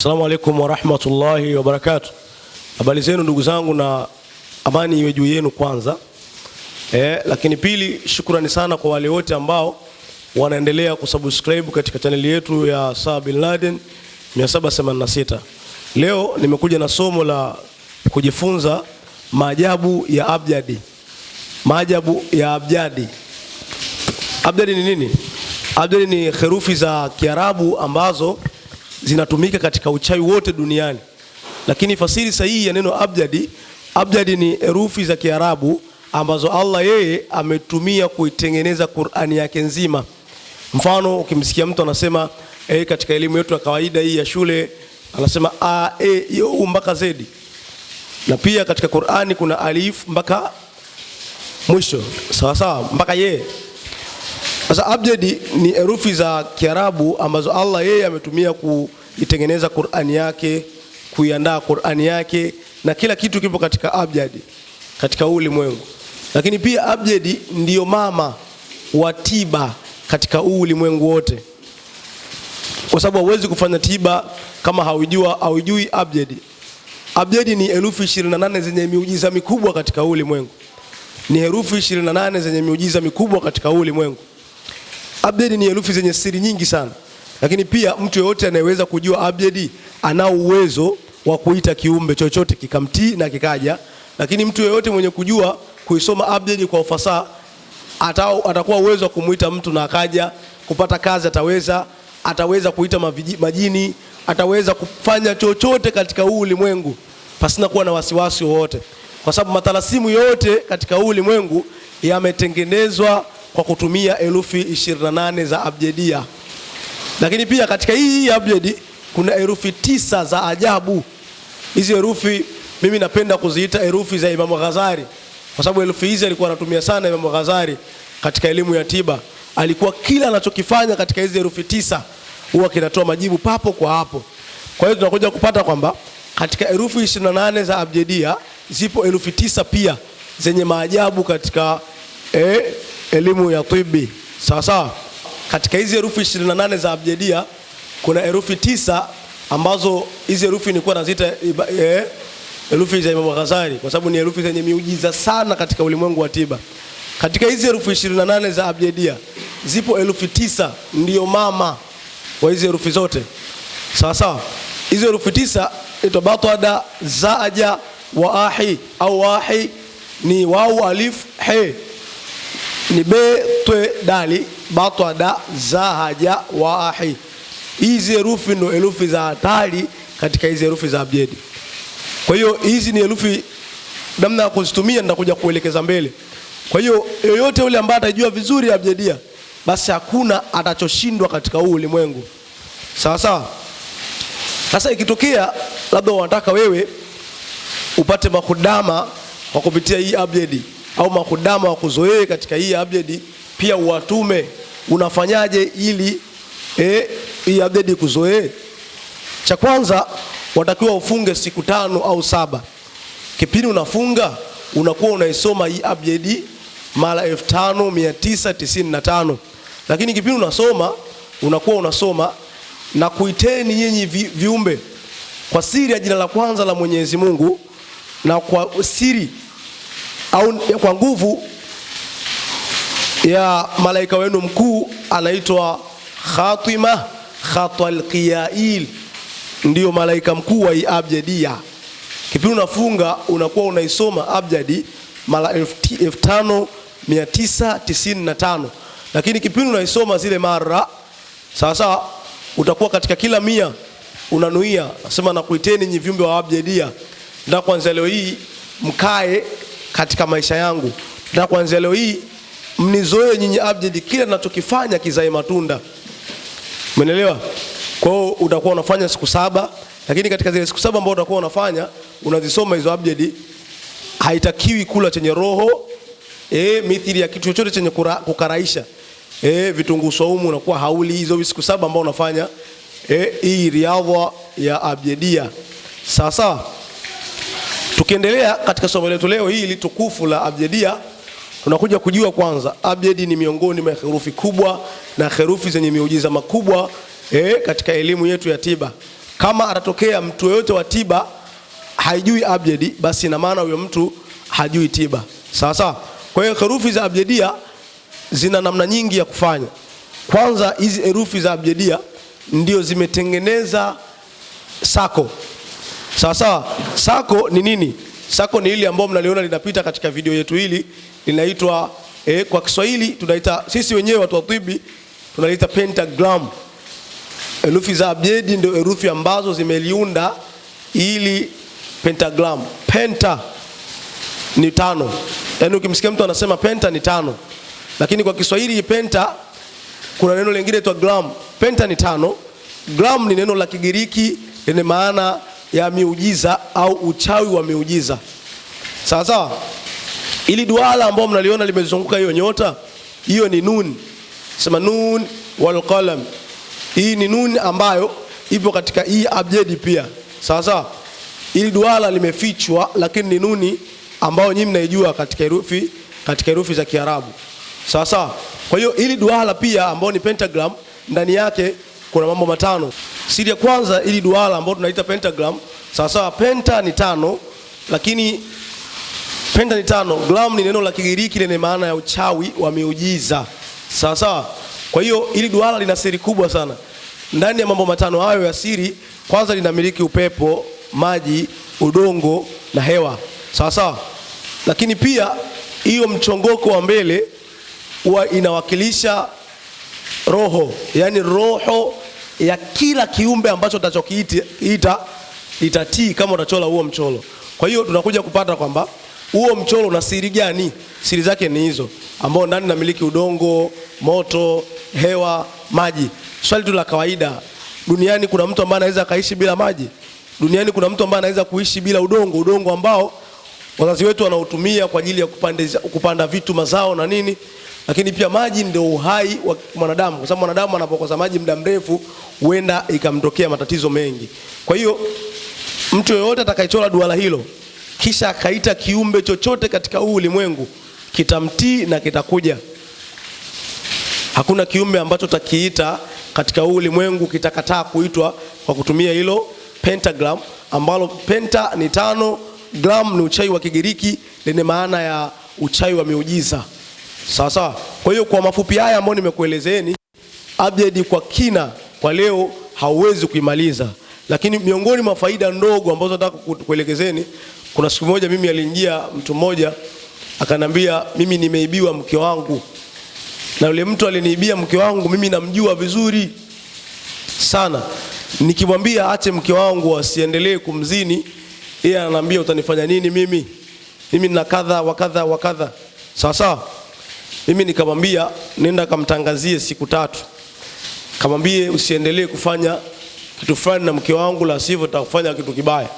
Asalamu rahmatullahi warahmatullahi wabarakatu. Habari zenu ndugu zangu, na amani iwe juu yenu kwanza e, lakini pili, shukrani sana kwa wale wote ambao wanaendelea kusubscribe katika chaneli yetu ya Saa Bin Laden 786. Leo nimekuja na somo la kujifunza maajabu ya abjadi. Maajabu ya abjadi. Abjadi ni nini? Abjadi ni herufi za Kiarabu ambazo zinatumika katika uchawi wote duniani, lakini fasiri sahihi ya neno abjadi, abjadi ni herufi za Kiarabu ambazo Allah yeye ametumia kuitengeneza Qur'ani yake nzima. Mfano, ukimsikia mtu anasema eh, katika elimu yetu ya kawaida hii ya shule anasema a e yo mpaka zedi, na pia katika Qur'ani kuna alif mpaka mwisho, sawa sawa, mpaka ye sasa abjad ni herufi za Kiarabu ambazo Allah yeye ametumia kuitengeneza Qur'ani yake, kuiandaa Qur'ani yake na kila kitu kipo katika abjad katika ulimwengu. Lakini pia abjad ndiyo mama wa tiba katika huu ulimwengu wote, kwa sababu hauwezi kufanya tiba kama haujua haujui abjad. Abjad ni herufi 28 zenye miujiza mikubwa katika huu ulimwengu, ni herufi 28 zenye miujiza mikubwa katika huu ulimwengu. Abjadi ni herufi zenye siri nyingi sana, lakini pia mtu yeyote anayeweza kujua abjadi ana uwezo wa kuita kiumbe chochote kikamtii na kikaja, lakini mtu yeyote mwenye kujua kuisoma abjadi kwa ufasaha atakuwa uwezo wa kumuita mtu na akaja kupata kazi, ataweza ataweza kuita maviji, majini, ataweza kufanya chochote katika huu ulimwengu pasina kuwa na wasiwasi wowote, kwa sababu matalasimu yote katika huu ulimwengu yametengenezwa kwa kutumia herufi 28 za abjedia, lakini pia katika hii abjedi kuna herufi tisa za ajabu. Hizi herufi mimi napenda kuziita herufi za Imamu Ghazali kwa sababu herufi hizi alikuwa anatumia sana Imamu Ghazali katika elimu ya tiba. Alikuwa kila anachokifanya katika hizi herufi tisa huwa kinatoa majibu papo kwa hapo. Kwa hiyo tunakuja kupata kwamba katika herufi 28 za abjedia zipo herufi tisa pia zenye maajabu katika eh, elimu ya tibi sawa sawa. Katika hizi herufi 28 za abjadia kuna herufi tisa ambazo hizi herufi nilikuwa nazita eh, herufi za Imam Ghazali kwa sababu ni herufi zenye miujiza sana katika ulimwengu wa tiba. Katika hizi herufi 28 za abjadia zipo herufi tisa ndiyo mama wa hizi herufi zote sawa sawa. Hizi herufi tisa batwada zaaja waahi au wahi ni wau alif he ni betwe dali batwada za haja waahi. Hizi herufi ndo herufi za hatari katika hizi herufi za abjadi. Kwa hiyo hizi ni herufi, namna ya kuzitumia nitakuja kuelekeza mbele. Kwa hiyo yoyote yule ambaye atajua vizuri abjadia, basi hakuna atachoshindwa katika huu ulimwengu, sawa sawa. Sasa ikitokea labda unataka wewe upate makudama kwa kupitia hii abjadi au mahudama wakuzoee katika hii update, pia uwatume. Unafanyaje ili eh, hii update kuzoee? Cha kwanza watakiwa ufunge siku tano au saba. Kipindi unafunga unakuwa unaisoma hii update mara 5995 lakini kipindi unasoma unakuwa unasoma na kuiteni nyinyi vi, viumbe kwa siri ya jina la kwanza la Mwenyezi Mungu na kwa siri au kwa nguvu ya malaika wenu mkuu anaitwa Khatima Khatwa Qiyail, ndio malaika mkuu wa abjadia. Kipindi unafunga unakuwa unaisoma abjadi mara 5995 lakini kipindi unaisoma zile mara sasa utakuwa katika kila mia unanuia, nasema nakuiteni nyi viumbe wa abjadia, na kuanzia leo hii mkae katika maisha yangu. Na kuanzia leo hii mnizoee nyinyi Abdi, kila ninachokifanya kizae matunda. Umeelewa? Kwa hiyo utakuwa unafanya siku saba, lakini katika zile siku saba ambazo utakuwa unafanya unazisoma hizo Abdi, Haitakiwi kula chenye roho e, mithili ya kitu chochote chenye kura, kukaraisha e, vitunguu saumu unakuwa hauli hizo siku saba ambazo unafanya eh, hii riadha ya abjedia sawasawa. Tukiendelea katika somo letu leo hili tukufu la abjadia, tunakuja kujua kwanza abjadi ni miongoni mwa herufi kubwa na herufi zenye miujiza makubwa e, katika elimu yetu ya tiba. Kama atatokea mtu yoyote wa tiba haijui abjadi, basi ina maana huyo mtu hajui tiba, sawa sawa. Kwa hiyo herufi za abjadia zina namna nyingi ya kufanya. Kwanza, hizi herufi za abjadia ndio zimetengeneza sako Sawasawa. Sako ni nini? Sako ni ile ambayo mnaliona linapita katika video yetu, hili linaitwa eh, kwa Kiswahili tunaita sisi wenyewe watu wa tibi tunaliita pentagram. Herufi za abjedi ndio herufi ambazo zimeliunda ili pentagram. Penta ni tano, yaani ukimsikia mtu anasema penta ni tano, lakini kwa Kiswahili penta kuna neno lingine tu gram. Penta ni tano, gram ni neno la Kigiriki lenye maana ya miujiza au uchawi wa miujiza. Sawa sawa, ili duara ambao mnaliona limezunguka hiyo nyota, hiyo ni nun, sema nun wal qalam. Hii ni nun ambayo ipo katika hii abjedi pia. Sawa sawa, ili duara limefichwa, lakini ni nuni ambayo nyinyi mnaijua katika herufi katika herufi za Kiarabu. Sawa sawa, kwa hiyo ili duara pia ambayo ni pentagram ndani yake kuna mambo matano. Siri ya kwanza, ili duara ambayo tunaita pentagram, sawa sawa, penta ni tano, lakini penta ni tano, gram ni neno la Kigiriki lenye maana ya uchawi wa miujiza, sawa sawa. Kwa hiyo ili duara lina siri kubwa sana. Ndani ya mambo matano hayo ya siri, kwanza linamiliki upepo, maji, udongo na hewa, sawa sawa. Lakini pia hiyo mchongoko wa mbele huwa inawakilisha roho, yani roho ya kila kiumbe ambacho utachokiita itatii kama utachola huo mchoro. Kwa hiyo tunakuja kupata kwamba huo mchoro una siri gani? Siri zake ni hizo, ambao ndani namiliki udongo, moto, hewa, maji. Swali tu la kawaida, duniani kuna mtu ambaye anaweza kaishi bila maji? Duniani kuna mtu ambaye anaweza kuishi bila udongo? Udongo ambao wazazi wetu wanautumia kwa ajili ya kupanda vitu, mazao na nini. Lakini pia maji ndio uhai wa mwanadamu, kwa sababu mwanadamu anapokosa maji muda mrefu huenda ikamtokea matatizo mengi. Kwa hiyo mtu yeyote atakayechora duara hilo kisha akaita kiumbe chochote katika huu ulimwengu kitamtii na kitakuja. Hakuna kiumbe ambacho takiita katika huu ulimwengu kitakataa kuitwa kwa kutumia hilo pentagram, ambalo penta ni tano, gram ni uchawi wa Kigiriki lenye maana ya uchawi wa miujiza. Sawa sawa. Kwa hiyo kwa mafupi haya ambayo nimekuelezeeni update kwa kina kwa leo hauwezi kuimaliza, lakini miongoni mwa faida ndogo ambazo nataka kuelekezeni, kuna siku moja mimi aliingia mtu mmoja akanambia, mimi nimeibiwa mke wangu, na yule mtu aliniibia mke wangu mimi namjua vizuri sana. Nikimwambia ache mke wangu asiendelee kumzini, yeye ananiambia utanifanya nini mimi? Mimi nina kadha wa kadha wa kadha. Sawa sawa. Mimi nikamwambia nenda kamtangazie siku tatu, kamwambie usiendelee kufanya kitu fulani na mke wangu, la sivyo tutakufanya kitu kibaya.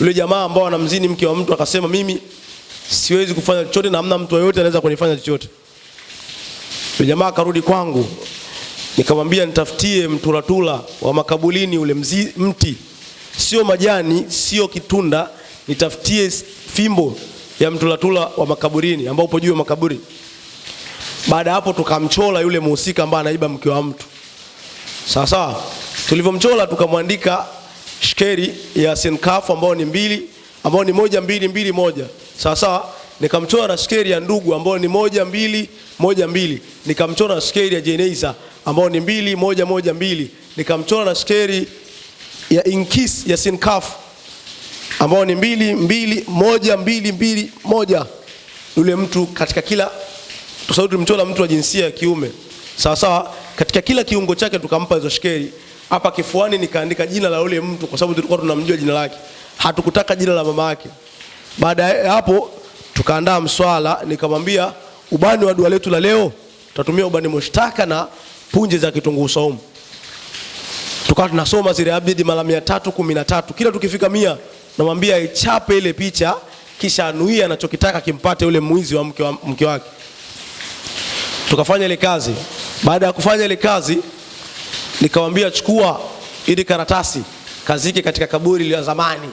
Yule jamaa ambao anamzini mke wa mtu akasema, mimi siwezi kufanya chochote na hamna mtu yeyote anaweza kunifanya chochote. Yule jamaa akarudi kwangu, nikamwambia nitafutie mtulatula wa makabulini, ule mzi, mti sio majani, sio kitunda, nitafutie fimbo ya mtulatula wa makaburini ambao upo juu ya makaburi. Baada hapo tukamchola yule muhusika ambaye anaiba mke wa mtu. sawa sawa. tulivyomchola tukamwandika shikeri ya sinkafu ambayo ni mbili ambayo ni moja mbili mbili moja. sawa sawa. nikamchora na shikeri ya ndugu ambayo ni moja mbili moja mbili. Nikamchora na shikeri ya jeneza ambayo ni mbili moja moja mbili. Nikamchora na shikeri ya inkis ya sinkafu ambayo ni mbili mbili moja mbili mbili moja. Yule mtu katika kila kwa sababu tulimchora mtu wa jinsia ya kiume sawa sawa, katika kila kiungo chake tukampa hizo shekeli. Hapa kifuani nikaandika jina la yule mtu, kwa sababu tulikuwa tunamjua jina lake, hatukutaka jina la mama yake. Baada ya hapo, tukaandaa mswala, nikamwambia ubani wa dua letu la leo tutatumia ubani mshtaka na punje za kitunguu saumu. Tukawa tunasoma zile abidi mara 313 kila tukifika mia, namwambia ichape ile picha, kisha anuia anachokitaka kimpate yule mwizi wa mke wake tukafanya ile kazi. Baada ya kufanya ile kazi, nikamwambia chukua ili karatasi kazike katika kaburi la zamani.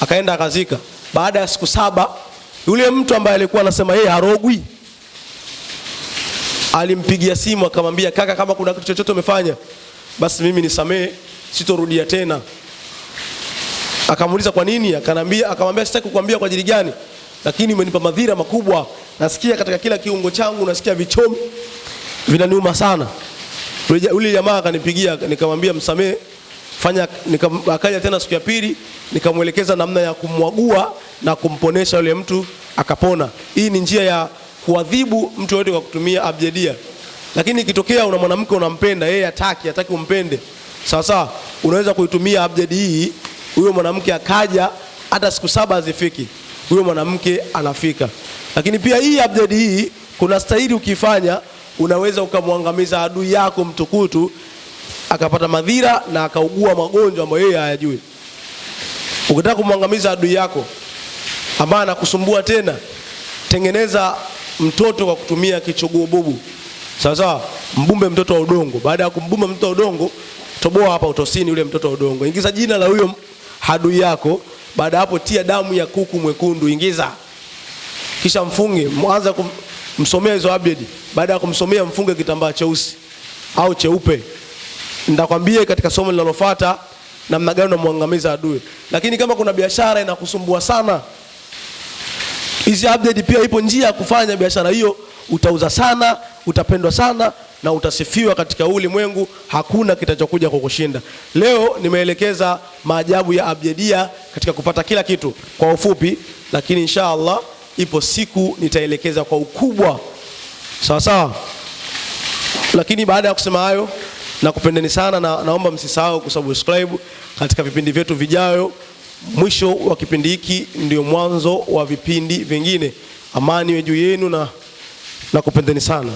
Akaenda akazika. Baada ya siku saba, yule mtu ambaye alikuwa anasema yeye harogwi alimpigia simu akamwambia, kaka, kama kuna kitu chochote umefanya basi mimi nisamee, sitorudia tena. Akamuuliza kwa nini, akanambia, akamwambia sitaki kukwambia kwa ajili gani lakini umenipa madhira makubwa. Nasikia katika kila kiungo changu, nasikia vichomi vinaniuma sana. Yule jamaa akanipigia, nikamwambia msamee, fanya akaja tena siku ya pili, nikamwelekeza namna ya kumwagua na kumponesha yule mtu akapona. Hii ni njia ya kuadhibu mtu yote kwa kutumia abjadia. Lakini ikitokea una mwanamke unampenda, yeye hataki, hataki umpende, sawa sawa, unaweza kuitumia abjadi hii, huyo mwanamke akaja hata siku saba hazifiki huyo mwanamke anafika. Lakini pia hii update hii kuna staili ukifanya unaweza ukamwangamiza adui yako mtukutu akapata madhira na akaugua magonjwa ambayo yeye hayajui. Ukitaka kumwangamiza adui yako ambaye anakusumbua tena, tengeneza mtoto kwa kutumia kichuguu bubu, sawa sawa. Mbumbe mtoto wa udongo. Baada ya kumbumba mtoto wa udongo, toboa hapa utosini ule mtoto wa udongo, ingiza jina la huyo adui yako baada hapo tia damu ya kuku mwekundu, ingiza, kisha mfunge, mwanza kumsomea hizo abedi. Baada ya kumsomea, mfunge kitambaa cheusi au cheupe. Nitakwambia katika somo linalofuata namna gani unamwangamiza adui. Lakini kama kuna biashara inakusumbua sana, hizi abedi pia ipo njia ya kufanya biashara hiyo, utauza sana, utapendwa sana na utasifiwa katika ulimwengu, hakuna kitachokuja kukushinda. Leo nimeelekeza maajabu ya abjadia katika kupata kila kitu kwa ufupi, lakini insha Allah ipo siku nitaelekeza kwa ukubwa, sawa sawa. Lakini baada ya kusema hayo, nakupendeni sana na naomba msisahau kusubscribe katika vipindi vyetu vijayo. Mwisho wa kipindi hiki ndio mwanzo wa vipindi vingine. Amani iwe juu yenu na nakupendeni sana.